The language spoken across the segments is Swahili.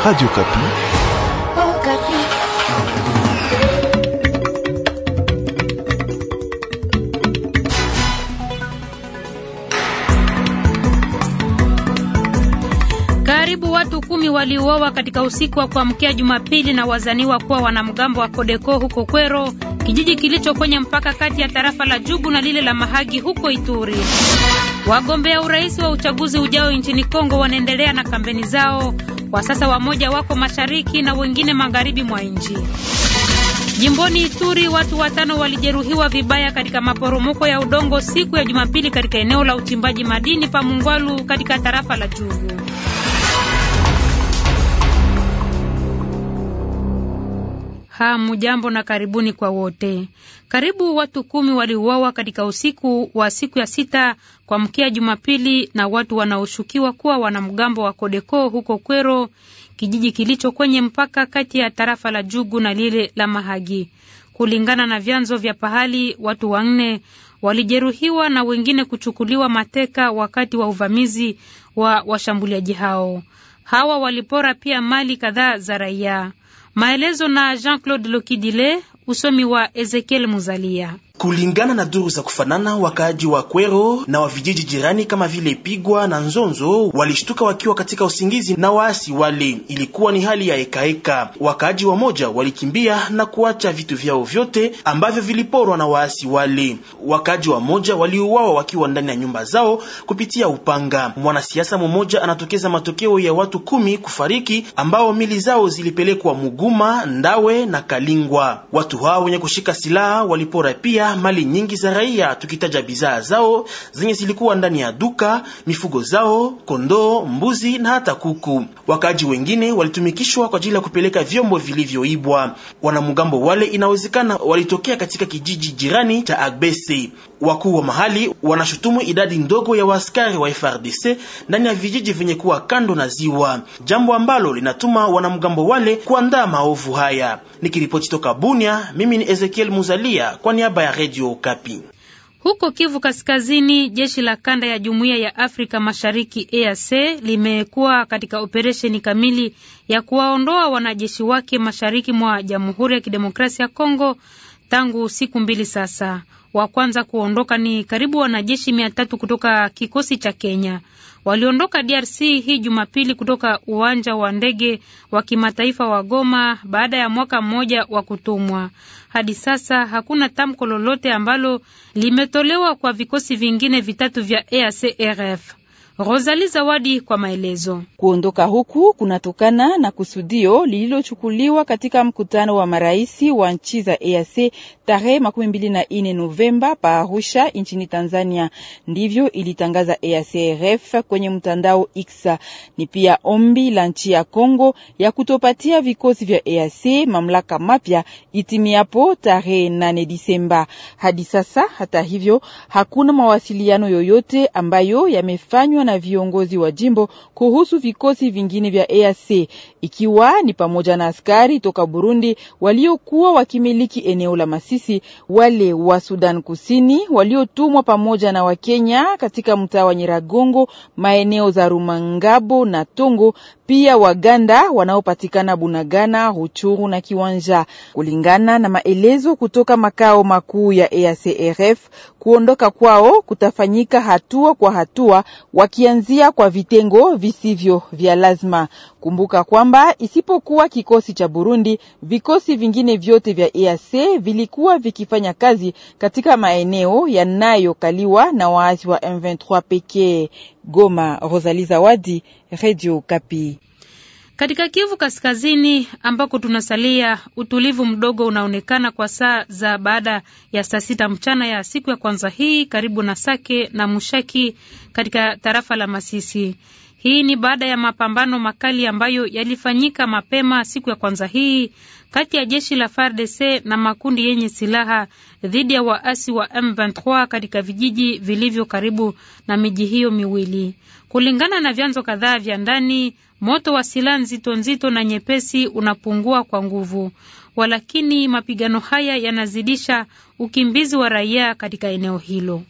Radio Kapi. Oh, Kapi. Karibu watu kumi waliuawa katika usiku wa kuamkia Jumapili na wazaniwa kuwa wanamgambo wa Kodeko huko Kwero, kijiji kilicho kwenye mpaka kati ya tarafa la Jugu na lile la Mahagi huko Ituri. Wagombea urais wa uchaguzi ujao nchini Kongo wanaendelea na kampeni zao. Kwa sasa wamoja wako mashariki na wengine magharibi mwa nchi. Jimboni Ituri watu watano walijeruhiwa vibaya katika maporomoko ya udongo siku ya Jumapili katika eneo la uchimbaji madini pa Mungwalu katika tarafa la Jugu. jambo na karibuni kwa wote. Karibu watu kumi waliuawa katika usiku wa siku ya sita kwa mkia Jumapili na watu wanaoshukiwa kuwa wanamgambo wa Kodeko huko Kwero, kijiji kilicho kwenye mpaka kati ya tarafa la Jugu na lile la Mahagi. Kulingana na vyanzo vya pahali, watu wanne walijeruhiwa na wengine kuchukuliwa mateka wakati wa uvamizi wa washambuliaji hao. Hawa walipora pia mali kadhaa za raia. Maelezo na Jean-Claude Lokidile. Usomi wa Ezekiel Muzalia. Kulingana na duru za kufanana, wakaaji wa Kwero na wa vijiji jirani kama vile Pigwa na Nzonzo walishtuka wakiwa katika usingizi na waasi wale. Ilikuwa ni hali ya ekaeka. Wakaaji wa moja walikimbia na kuacha vitu vyao vyote ambavyo viliporwa na waasi wale. Wakaaji wa moja waliuawa wakiwa ndani ya nyumba zao kupitia upanga. Mwanasiasa mmoja anatokeza matokeo ya watu kumi kufariki ambao mili zao zilipelekwa Muguma, Ndawe na Kalingwa. Watu hao wenye kushika silaha walipora pia mali nyingi za raia, tukitaja bidhaa zao zenye zilikuwa ndani ya duka, mifugo zao, kondoo, mbuzi na hata kuku. Wakaaji wengine walitumikishwa kwa ajili ya kupeleka vyombo vilivyoibwa. Wanamgambo wale inawezekana walitokea katika kijiji jirani cha Agbese. Wakuu wa mahali wanashutumu idadi ndogo ya waaskari wa FRDC ndani ya vijiji vyenye kuwa kando na ziwa, jambo ambalo linatuma wanamgambo wale kuandaa maovu haya. Nikiripoti toka Bunia mimi ni Ezekiel Muzalia kwa niaba ya Radio Kapi. Huko Kivu Kaskazini, jeshi la kanda ya Jumuiya ya Afrika Mashariki EAC limekuwa katika operesheni kamili ya kuwaondoa wanajeshi wake mashariki mwa Jamhuri ya Kidemokrasia ya Kongo tangu siku mbili sasa. Wa kwanza kuondoka ni karibu wanajeshi mia tatu kutoka kikosi cha Kenya waliondoka DRC hii Jumapili kutoka uwanja wa ndege wa kimataifa wa Goma baada ya mwaka mmoja wa kutumwa. Hadi sasa hakuna tamko lolote ambalo limetolewa kwa vikosi vingine vitatu vya EACRF. Rosali Zawadi kwa maelezo. Kuondoka huku kunatokana na kusudio lililochukuliwa katika mkutano wa marais wa nchi za EAC tarehe makumi mbili na nne Novemba pa Arusha nchini Tanzania. Ndivyo ilitangaza EACRF kwenye mtandao X. Ni pia ombi la nchi ya Kongo ya kutopatia vikosi vya EAC mamlaka mapya itimiapo tarehe 8 Disemba. Hadi sasa, hata hivyo, hakuna mawasiliano yoyote ambayo yamefanywa na viongozi wa jimbo kuhusu vikosi vingine vya EAC ikiwa ni pamoja na askari toka Burundi waliokuwa wakimiliki eneo la Masisi, wale wa Sudan Kusini waliotumwa pamoja na Wakenya katika mtaa wa Nyiragongo, maeneo za Rumangabo na Tongo, pia Waganda wanaopatikana Bunagana, huchuru na Kiwanja, kulingana na maelezo kutoka makao makuu ya EACRF. Kuondoka kwao kutafanyika hatua kwa hatua, wakianzia kwa vitengo visivyo vya lazima. Kumbuka kwamba isipokuwa kikosi cha Burundi, vikosi vingine vyote vya EAC vilikuwa vikifanya kazi katika maeneo yanayokaliwa na waasi wa M23 pekee. Goma, Rosalie Zawadi, Radio Kapi. Katika Kivu Kaskazini ambako tunasalia, utulivu mdogo unaonekana kwa saa za baada ya saa sita mchana ya siku ya kwanza hii karibu na Sake na Mushaki katika tarafa la Masisi. Hii ni baada ya mapambano makali ambayo yalifanyika mapema siku ya kwanza hii kati ya jeshi la FARDC na makundi yenye silaha dhidi ya waasi wa M23 katika vijiji vilivyo karibu na miji hiyo miwili. Kulingana na vyanzo kadhaa vya ndani, moto wa silaha nzito nzito na nyepesi unapungua kwa nguvu, walakini mapigano haya yanazidisha ukimbizi wa raia katika eneo hilo.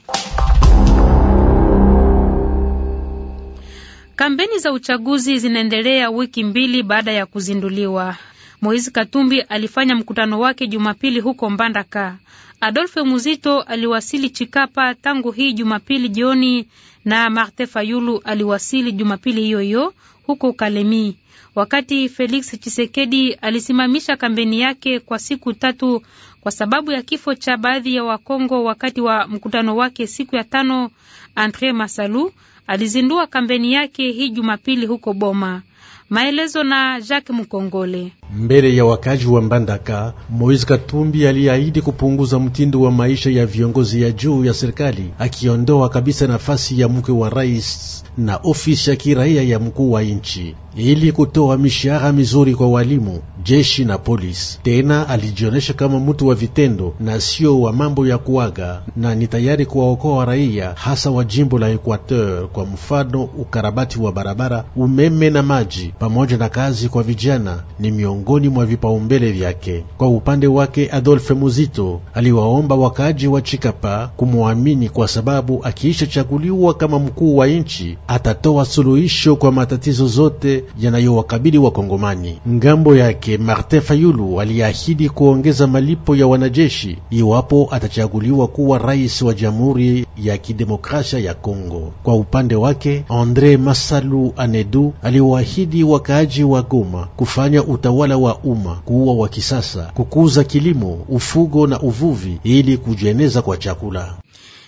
Kampeni za uchaguzi zinaendelea wiki mbili baada ya kuzinduliwa. Moise Katumbi alifanya mkutano wake Jumapili huko Mbandaka. adolfe Muzito aliwasili Chikapa tangu hii Jumapili jioni na Marte Fayulu aliwasili Jumapili hiyo hiyo huko Kalemi. Wakati Felix Chisekedi alisimamisha kampeni yake kwa siku tatu kwa sababu ya kifo cha baadhi ya Wakongo wakati wa mkutano wake siku ya tano, Andre Masalu alizindua kampeni yake hii Jumapili huko Boma. Maelezo na Jacques Mukongole mbele ya wakaji wa Mbandaka. Moise Katumbi aliahidi kupunguza mtindo wa maisha ya viongozi ya juu ya serikali, akiondoa kabisa nafasi ya mke wa rais na ofisi ya kiraia ya mkuu wa nchi ili kutoa mishahara mizuri kwa walimu, jeshi na polisi. Tena alijionyesha kama mtu wa vitendo na sio wa mambo ya kuaga, na ni tayari kuwaokoa raia hasa wa jimbo la Equateur, kwa mfano ukarabati wa barabara, umeme na maji, pamoja na kazi kwa vijana ni miongoni miongoni mwa vipaumbele vyake. Kwa upande wake, adolfe Muzito aliwaomba wakaaji wa Chikapa kumwamini kwa sababu akiisha chaguliwa kama mkuu wa nchi atatoa suluhisho kwa matatizo zote yanayowakabili Wakongomani. Ngambo yake, Martin Fayulu aliahidi kuongeza malipo ya wanajeshi iwapo atachaguliwa kuwa rais wa Jamhuri ya Kidemokrasia ya Kongo. Kwa upande wake, Andre Masalu Anedu aliwaahidi wakaaji wa Goma kufanya utawala utawala wa umma, kuwa wa kisasa, kukuza kilimo, ufugo na uvuvi ili kujieneza kwa chakula.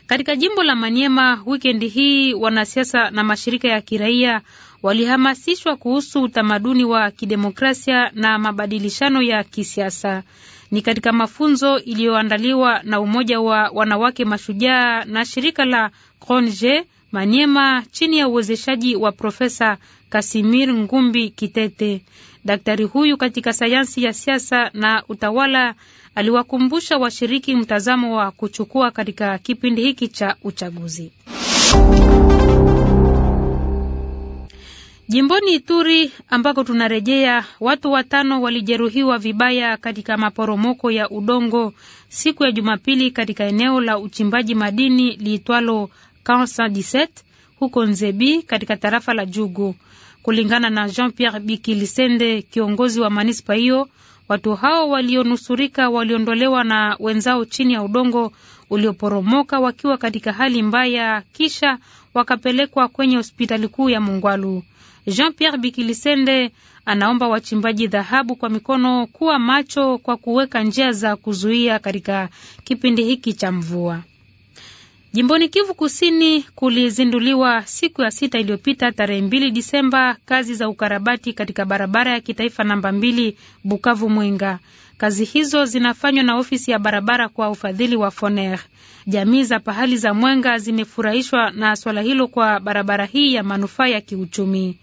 Katika jimbo la manyema wikendi hii wanasiasa na mashirika ya kiraia walihamasishwa kuhusu utamaduni wa kidemokrasia na mabadilishano ya kisiasa. Ni katika mafunzo iliyoandaliwa na Umoja wa Wanawake Mashujaa na shirika la Cronje Maniema chini ya uwezeshaji wa Profesa Kasimir Ngumbi Kitete. Daktari huyu katika sayansi ya siasa na utawala aliwakumbusha washiriki mtazamo wa kuchukua katika kipindi hiki cha uchaguzi. Jimboni Ituri ambako tunarejea, watu watano walijeruhiwa vibaya katika maporomoko ya udongo siku ya Jumapili katika eneo la uchimbaji madini liitwalo 417 huko Nzebi katika tarafa la Jugu. Kulingana na Jean Pierre Bikilisende, kiongozi wa manispa hiyo, watu hao walionusurika waliondolewa na wenzao chini ya udongo ulioporomoka wakiwa katika hali mbaya, kisha wakapelekwa kwenye hospitali kuu ya Mungwalu. Jean Pierre Bikilisende anaomba wachimbaji dhahabu kwa mikono kuwa macho kwa kuweka njia za kuzuia katika kipindi hiki cha mvua. Jimboni Kivu Kusini kulizinduliwa siku ya sita iliyopita tarehe mbili Disemba kazi za ukarabati katika barabara ya kitaifa namba mbili Bukavu Mwenga. Kazi hizo zinafanywa na ofisi ya barabara kwa ufadhili wa Foner. Jamii za pahali za Mwenga zimefurahishwa na swala hilo kwa barabara hii ya manufaa ya kiuchumi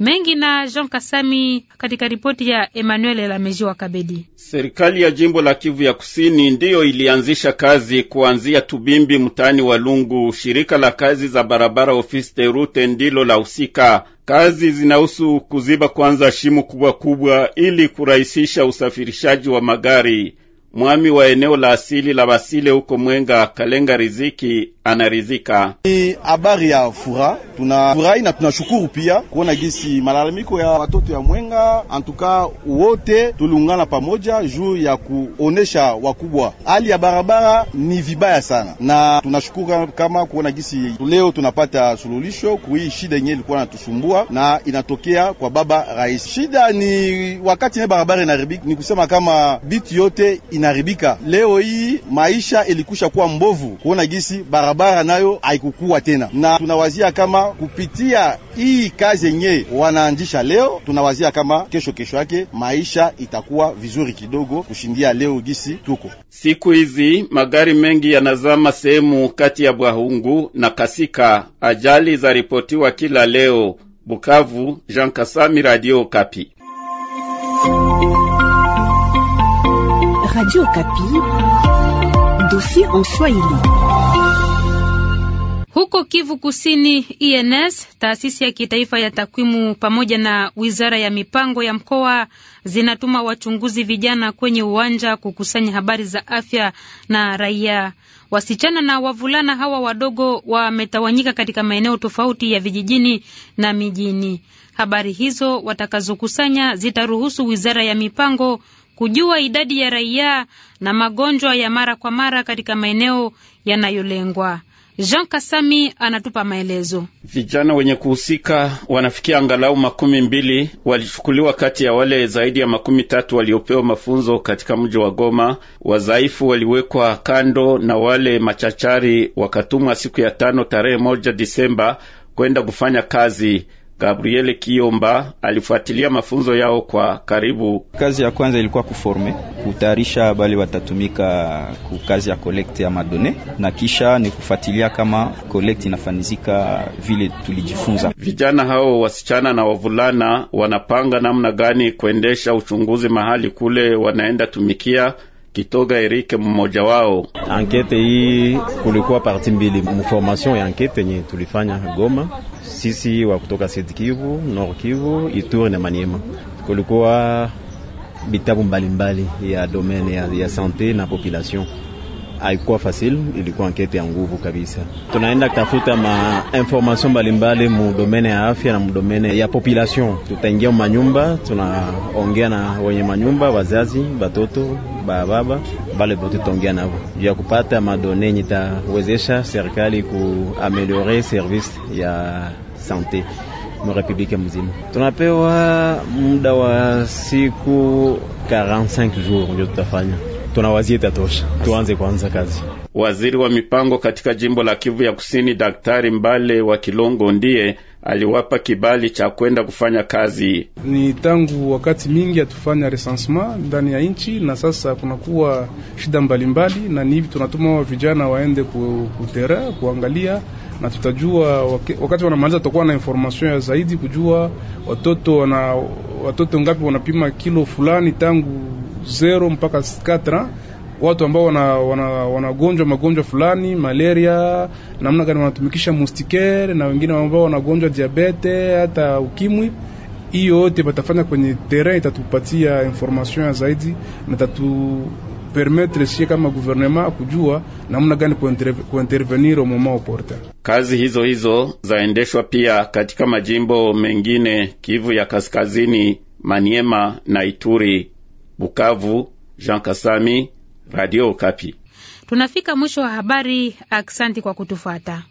mengi na Jean Kasami katika ripoti ya Emmanuel Lameji wa Kabedi. Serikali ya jimbo la Kivu ya Kusini ndiyo ilianzisha kazi kuanzia Tubimbi mtaani wa Lungu. Shirika la kazi za barabara ofisi de rute ndilo la husika. Kazi zinahusu kuziba kwanza shimo kubwa kubwa ili kurahisisha usafirishaji wa magari mwami wa eneo la asili la Basile huko Mwenga, Kalenga Riziki anarizika. Ni habari ya furaha, tunafurahi na tunashukuru pia kuona gisi malalamiko ya watoto ya Mwenga. Antuka wote tuliungana pamoja juu ya kuonesha wakubwa hali ya barabara ni vibaya sana, na tunashukuru kama kuona gisi leo tunapata sululisho kui shida yenyewe ilikuwa natusumbua na inatokea kwa baba rais. Shida ni wakati ne barabara inaharibika, ni kusema kama bitu yote ina imeharibika. Leo hii maisha ilikusha kuwa mbovu, kuona gisi barabara nayo haikukuwa tena, na tunawazia kama kupitia hii kazi yenye wanaanzisha leo, tunawazia kama kesho kesho yake maisha itakuwa vizuri kidogo kushindia leo gisi tuko. Siku hizi magari mengi yanazama sehemu kati ya Bwahungu na Kasika. Ajali zaripotiwa kila leo. Bukavu, Jean Kasami, Radio Kapi. Radio Kapi, dossier en Swahili. Huko Kivu Kusini, INS, taasisi ya kitaifa ya takwimu, pamoja na wizara ya mipango ya mkoa zinatuma wachunguzi vijana kwenye uwanja kukusanya habari za afya na raia. Wasichana na wavulana hawa wadogo wametawanyika katika maeneo tofauti ya vijijini na mijini. Habari hizo watakazokusanya zitaruhusu wizara ya mipango kujua idadi ya raia na magonjwa ya mara kwa mara katika maeneo yanayolengwa. Jean Kasami anatupa maelezo. Vijana wenye kuhusika wanafikia angalau makumi mbili walichukuliwa kati ya wale zaidi ya makumi tatu waliopewa mafunzo katika mji wa Goma. Wazaifu waliwekwa kando na wale machachari wakatumwa siku ya tano tarehe moja Disemba kwenda kufanya kazi. Gabriele Kiomba alifuatilia mafunzo yao kwa karibu. Kazi ya kwanza ilikuwa kuforme kutayarisha bali watatumika kukazi ya kolekte ya madone, na kisha ni kufuatilia kama kolekte inafanizika vile tulijifunza. Vijana hao wasichana na wavulana wanapanga namna gani kuendesha uchunguzi mahali kule wanaenda tumikia Kitoga Erike mmoja wao. Ankete hii kulikuwa parti mbili mformation ya ankete yenye tulifanya Goma, sisi wa kutoka Sud Kivu, Nord Kivu, Ituri na Maniema. Kulikuwa bitabu mbalimbali mbali ya domaine ya, ya sante na population haikuwa fasili, ilikuwa ankete ya nguvu kabisa. Tunaenda kutafuta ma information mbalimbali mu domene ya afya na mu ya population. Tutaingia manyumba, tunaongea na wenye manyumba, wazazi, batoto, bababa bale bote, tutaongea navo ya kupata madone nitawezesha serikali kuameliore service ya sante republike mzima. Tunapewa muda wa siku 45 jours ndio tutafanya tunawazie itatosha, tuanze kwanza kazi. Waziri wa mipango katika jimbo la Kivu ya Kusini, Daktari Mbale wa Kilongo ndiye aliwapa kibali cha kwenda kufanya kazi. Ni tangu wakati mingi hatufanya recensement ndani ya nchi, na sasa kunakuwa shida mbalimbali mbali, na ni hivi tunatuma wa vijana waende kutera kuangalia, na tutajua wakati wanamaliza, tutakuwa na information ya zaidi kujua watoto wana, watoto ngapi wanapima kilo fulani tangu 0 mpaka 4 watu ambao wanagonjwa wana, wana magonjwa fulani malaria, namna gani wanatumikisha mustiker na wengine ambao wanagonjwa diabete hata ukimwi. Hiyo yote batafanya kwenye terrain, itatupatia information ya zaidi na tatu permettre sie kama guvernema kujua namna gani kuintervenir au moment opportun. Kazi hizo hizo zaendeshwa pia katika majimbo mengine Kivu ya Kaskazini, Maniema na Ituri. Bukavu, Jean Kasami, Radio Kapi. Tunafika mwisho wa habari. Aksanti kwa kutufuata.